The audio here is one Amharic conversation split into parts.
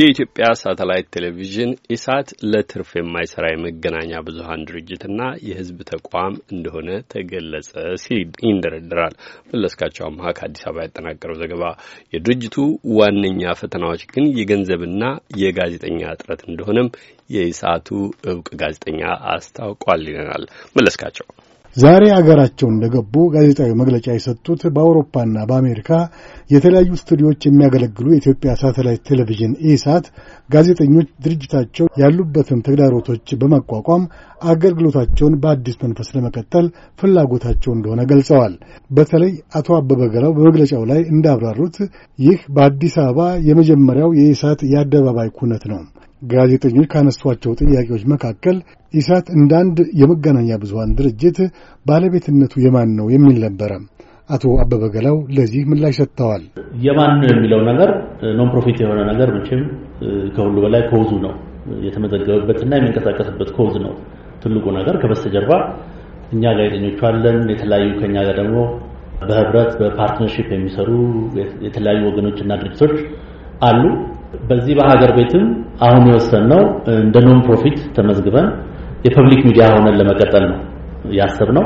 የኢትዮጵያ ሳተላይት ቴሌቪዥን ኢሳት ለትርፍ የማይሰራ የመገናኛ ድርጅት ድርጅትና የህዝብ ተቋም እንደሆነ ተገለጸ ሲል ይንደረድራል። መለስካቸው አምሃ ከአዲስ አበባ ያጠናቀረው ዘገባ። የድርጅቱ ዋነኛ ፈተናዎች ግን የገንዘብና የጋዜጠኛ እጥረት እንደሆነም የኢሳቱ እውቅ ጋዜጠኛ አስታውቋል ይለናል መለስካቸው። ዛሬ አገራቸው እንደገቡ ጋዜጣዊ መግለጫ የሰጡት በአውሮፓና በአሜሪካ የተለያዩ ስቱዲዮዎች የሚያገለግሉ የኢትዮጵያ ሳተላይት ቴሌቪዥን ኢሳት ጋዜጠኞች ድርጅታቸው ያሉበትን ተግዳሮቶች በማቋቋም አገልግሎታቸውን በአዲስ መንፈስ ለመቀጠል ፍላጎታቸው እንደሆነ ገልጸዋል። በተለይ አቶ አበበ ገላው በመግለጫው ላይ እንዳብራሩት ይህ በአዲስ አበባ የመጀመሪያው የኢሳት የአደባባይ ኩነት ነው። ጋዜጠኞች ካነሷቸው ጥያቄዎች መካከል ኢሳት እንደ አንድ የመገናኛ ብዙሀን ድርጅት ባለቤትነቱ የማን ነው የሚል ነበረ። አቶ አበበ ገላው ለዚህ ምላሽ ሰጥተዋል። የማን ነው የሚለው ነገር ኖን ፕሮፊት የሆነ ነገር መቼም ከሁሉ በላይ ከውዙ ነው የተመዘገበበትና የሚንቀሳቀስበት ኮዝ ነው ትልቁ ነገር። ከበስተጀርባ እኛ ጋዜጠኞቹ አለን። የተለያዩ ከኛ ጋር ደግሞ በህብረት በፓርትነርሺፕ የሚሰሩ የተለያዩ ወገኖችና ድርጅቶች አሉ። በዚህ በሀገር ቤትም አሁን የወሰንነው እንደ ኖን ፕሮፊት ተመዝግበን የፐብሊክ ሚዲያ ሆነን ለመቀጠል ነው ያሰብነው።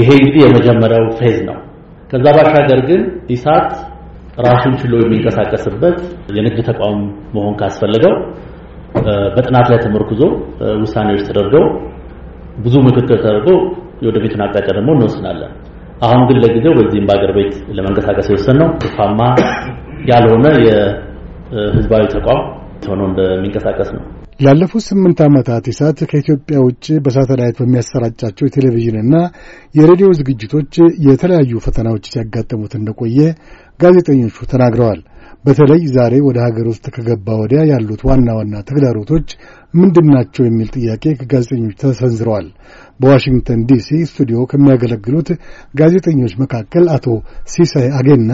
ይሄ እንግዲህ የመጀመሪያው ፌዝ ነው። ከዛ ባሻገር ግን ኢሳት ራሱን ችሎ የሚንቀሳቀስበት የንግድ ተቋም መሆን ካስፈለገው በጥናት ላይ ተመርኩዞ ውሳኔዎች ተደርገው ብዙ ምክክር ተደርጎ የወደፊቱን አቅጣጫ ደግሞ እንወስናለን። አሁን ግን ለጊዜው በዚህም በአገር ቤት ለመንቀሳቀስ የወሰንነው ትርፋማ ያልሆነ ህዝባዊ ተቋም ሆኖ እንደሚንቀሳቀስ ነው። ላለፉት ስምንት ዓመታት ኢሳት ከኢትዮጵያ ውጭ በሳተላይት በሚያሰራጫቸው የቴሌቪዥንና የሬዲዮ ዝግጅቶች የተለያዩ ፈተናዎች ሲያጋጥሙት እንደቆየ ጋዜጠኞቹ ተናግረዋል። በተለይ ዛሬ ወደ ሀገር ውስጥ ከገባ ወዲያ ያሉት ዋና ዋና ተግዳሮቶች ምንድናቸው? የሚል ጥያቄ ከጋዜጠኞች ተሰንዝረዋል። በዋሽንግተን ዲሲ ስቱዲዮ ከሚያገለግሉት ጋዜጠኞች መካከል አቶ ሲሳይ አጌና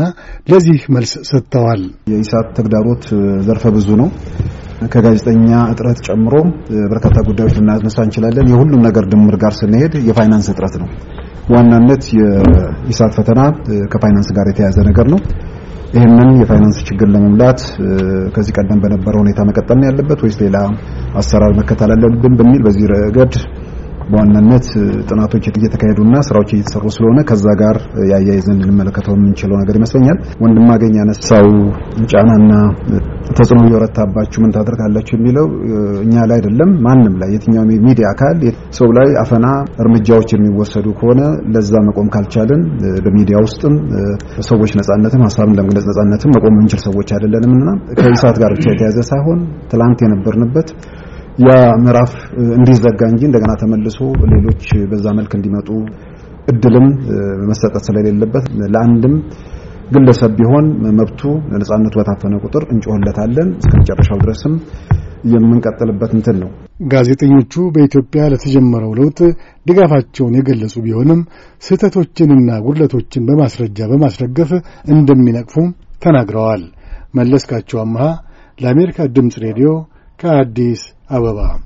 ለዚህ መልስ ሰጥተዋል። የኢሳት ተግዳሮት ዘርፈ ብዙ ነው። ከጋዜጠኛ እጥረት ጨምሮ በርካታ ጉዳዮች ልናነሳ እንችላለን። የሁሉም ነገር ድምር ጋር ስንሄድ የፋይናንስ እጥረት ነው። ዋናነት የኢሳት ፈተና ከፋይናንስ ጋር የተያያዘ ነገር ነው። ይህንን የፋይናንስ ችግር ለመሙላት ከዚህ ቀደም በነበረው ሁኔታ መቀጠል ያለበት ወይስ ሌላ አሰራር መከተል አለብን በሚል በዚህ ረገድ በዋናነት ጥናቶች እየተካሄዱና ስራዎች እየተሰሩ ስለሆነ ከዛ ጋር ያያይዘን ልንመለከተው የምንችለው ነገር ይመስለኛል። ወንድማገኝ ያነሳው ጫናና ተጽዕኖ እየወረታባችሁ ምን ታደርጋላችሁ የሚለው እኛ ላይ አይደለም፣ ማንም ላይ የትኛውም የሚዲያ አካል ሰው ላይ አፈና እርምጃዎች የሚወሰዱ ከሆነ ለዛ መቆም ካልቻልን በሚዲያ ውስጥም ሰዎች ነጻነትም ሀሳብን ለመግለጽ ነጻነትም መቆም የምንችል ሰዎች አይደለንም እና ከኢሳት ጋር ብቻ የተያዘ ሳይሆን ትላንት የነበርንበት ያ ምዕራፍ እንዲዘጋ እንጂ እንደገና ተመልሶ ሌሎች በዛ መልክ እንዲመጡ እድልም መሰጠት ስለሌለበት ለአንድም ግለሰብ ቢሆን መብቱ ለነጻነቱ በታፈነ ቁጥር እንጮህለታለን እስከ መጨረሻው ድረስም የምንቀጥልበት እንትን ነው። ጋዜጠኞቹ በኢትዮጵያ ለተጀመረው ለውጥ ድጋፋቸውን የገለጹ ቢሆንም ስህተቶችንና ጉድለቶችን በማስረጃ በማስረገፍ እንደሚነቅፉም ተናግረዋል። መለስካቸው አምሃ ለአሜሪካ ድምፅ ሬዲዮ ከአዲስ However, uh,